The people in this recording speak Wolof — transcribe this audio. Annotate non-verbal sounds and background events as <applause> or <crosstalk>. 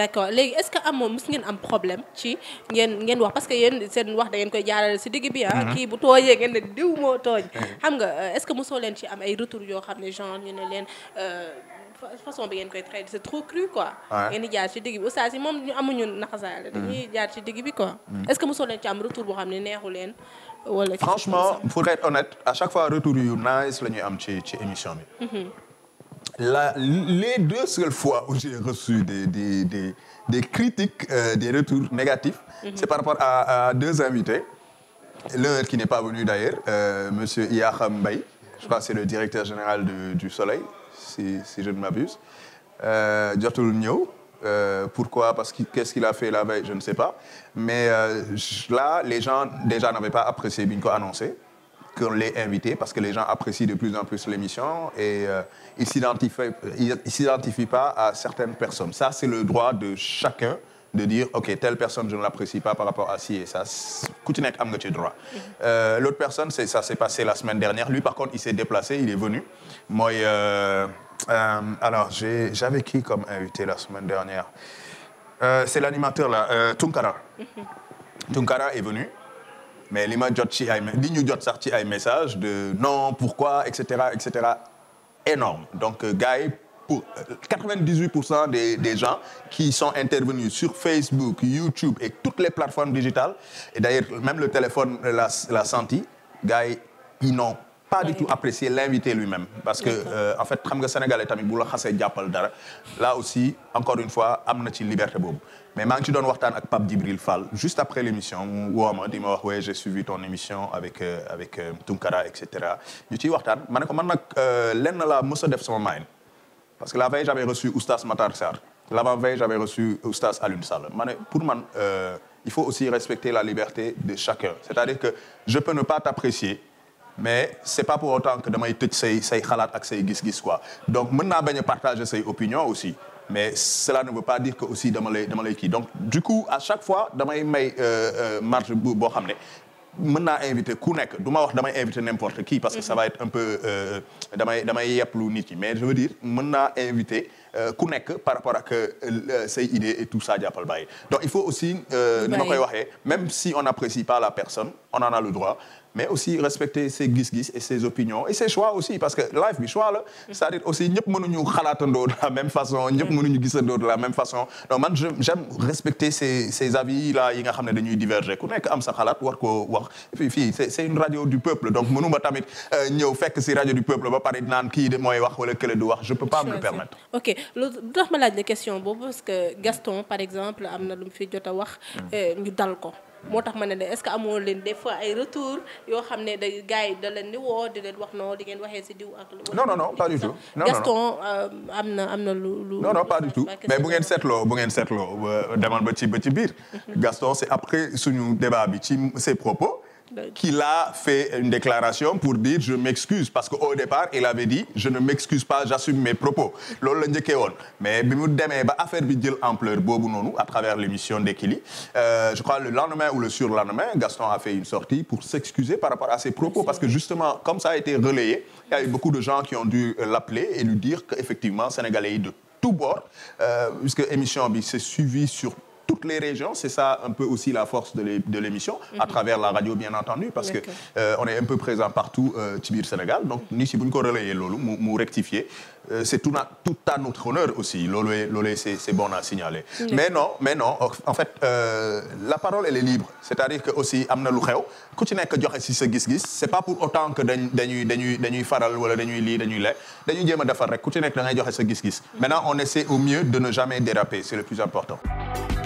d'accord léegi est-ce que amoo mës ngeen am problème ci ngeen ngeen wax parce que yéen seen wax da ngeen koy jaarale si digg bi ah mhm. kii bu tooyee ngeen ne diw moo tooñ mhm. xam nga euh, est-ce que mosoo leen ci am ay retour yoo xam ne genre ne leen euh, façon bi ngeen koy traité c'est trop cru quoi ngeen di jaar ci digg bi yi moom ñu amuñu naxasaale mhm. dañuy jaar ci digg bi quoi est que mosoo leen ci am retour boo xam ne neexu leen wala franchement pour être honnête à chaque fois retour yu nice la ñuy am ci émission bi la, les deux seules fois où j'ai reçu des, des, des, des critiques, euh, des retours négatifs, mm -hmm. c'est par rapport à, à deux invités. L'un qui n'est pas venu d'ailleurs, euh, Monsieur M. Iacham Mbaye, je crois que c'est le directeur général de, du Soleil, si, si je ne m'abuse. Euh, Djatul euh, pourquoi Parce qu'est-ce qu qu'il a fait la veille Je ne sais pas. Mais euh, là, les gens déjà n'avaient pas apprécié Binko annoncé. qu'on l'ait invité parce que les gens apprécient de plus en plus l'émission et euh, ils ne s'identifient pas à certaines personnes. Ça, c'est le droit de chacun de dire, OK, telle personne, je ne l'apprécie pas par rapport à ci et ça. Koutinek a le droit. Euh, L'autre personne, ça s'est passé la semaine dernière. Lui, par contre, il s'est déplacé, il est venu. Moi, euh, euh alors, j'avais qui comme invité la semaine dernière euh, C'est l'animateur, là, euh, Tunkara. Mhm. Tunkara est venu. mais li ma jot ci ay ñu jot sax ci ay message de non pourquoi et cetera et cetera énorme donc euh, gars yi pour 98 euh, pour cent des des gens qui sont intervenus sur Facebook YouTube et toutes les plateformes digitales et d'ailleurs même le téléphone la la senti gars yi ils pas du tout apprécié l'invité lui-même parce que euh, en fait xam nga sénégalais tamit bu la xasee jàppal dara là aussi encore une fois am na ci liberté boobu mais maa ngi ci doon waxtaan ak Pape Djibril Fall juste après l'émission mu woo ma di ma wax ouais j'ai suivi ton émission avec euh, euh, cetera ñu ciy waxtaan ma ne ko man nag euh, lenn laa mës a def sama main parce que la veille j'avais reçu Oustaz Matar Sarr l'avant-veille j'avais reçu Oustaz Alioune ma ne pour man il faut aussi respecter la liberté de chacun c'est-à-dire que je peux ne pas t'apprécier mais c'est pas pour autant que damay tëj say say xalaat ak say gis-gis quoi donc mën naa bañ a partager say opinion aussi mais cela ne veut pas dire que aussi dama lay kii donc du à chaque fois damay may euh, euh, marge bu boo xam ne mën naa invité ku nekk du ma wax damay invité n'importe qui parce que ça va être un peu euh, damay damay lu nit yi mais je veux dire mën naa invité ku nekk par rapport ak say idées et tout ça jàppal bàyyi donc il faut aussi ni ma koy waxee même si on n'apprécie pas la personne on en a le droit mais aussi respecter ses gis-gis et ses opinions et ses choix aussi parce que life bi choix la c'est-à-dire aussi ñëpp mënuñu xalaatandoo de la même façon ñëpp mm. mënuñu gisandoo de la même façon donc man j'aime respecter ces avis là yi nga xam ne dañuy diverger ku nekk am sa xalaat war ko wax fii fii c'est une radio du peuple donc mënuma tamit euh, ñëw fekk si radio du peuple ba pare naan kii de mooy wax wala kële du wax je peux pas me le permettre ok par exemple am na lu mu fi jot a wax mm. euh, ko moo tax ma ne est-ce que amoo leen des fois ay retour yoo xam ne day gars yi da leen di woo di leen wax non di ngeen waxee si diw ak. non non non pas du tout. non Gaston euh, am na am na lu lu. non non pas du tout mais bu ngeen seetloo bu ngeen seetloo euh, demal ba ci ba ci biir. <laughs> Gaston c'est après suñu débat bi ci ses propos. qu'il a fait une déclaration pour dire je m'excuse parce qu'au départ il avait dit je ne m'excuse pas j'assume mes propos loolu la njëkkee woon mais bi mu demee ba affaire bi jël ampleur boobu nonu à travers l'émission d'Ekili euh, je crois le lendemain ou le surlendemain Gaston a fait une sortie pour s'excuser par rapport à ses propos parce que justement comme ça a été relayé il y beaucoup de gens qui ont dû euh, l'appeler et lui dire qu'effectivement Sénégalais de tous euh, bi s'est suivie sur toutes les régions. C'est la force de l'émission, mm à mhm. travers la radio, bien entendu, parce que euh, on est un peu présent euh, biir Sénégal. donc mhm. ni si bu ñu ko relayer loolu mu mu rectifier euh, c'est tout, à notre honneur aussi loolu loolu c'est c'est bon à signaler. mais non en fait euh, la parole est libre. c'est-à-dire que aussi am na lu xew ku ci nekk joxe si sa gis-gis c'est pas pour autant que dañ dañuy dañuy dañuy faral wala dañuy lii dañuy lay dañuy jéem a defar rek ku ci nekk da ngay joxe sa gis-gis. Mhm. maintenant on essaie au mieux de ne jamais déraper c'est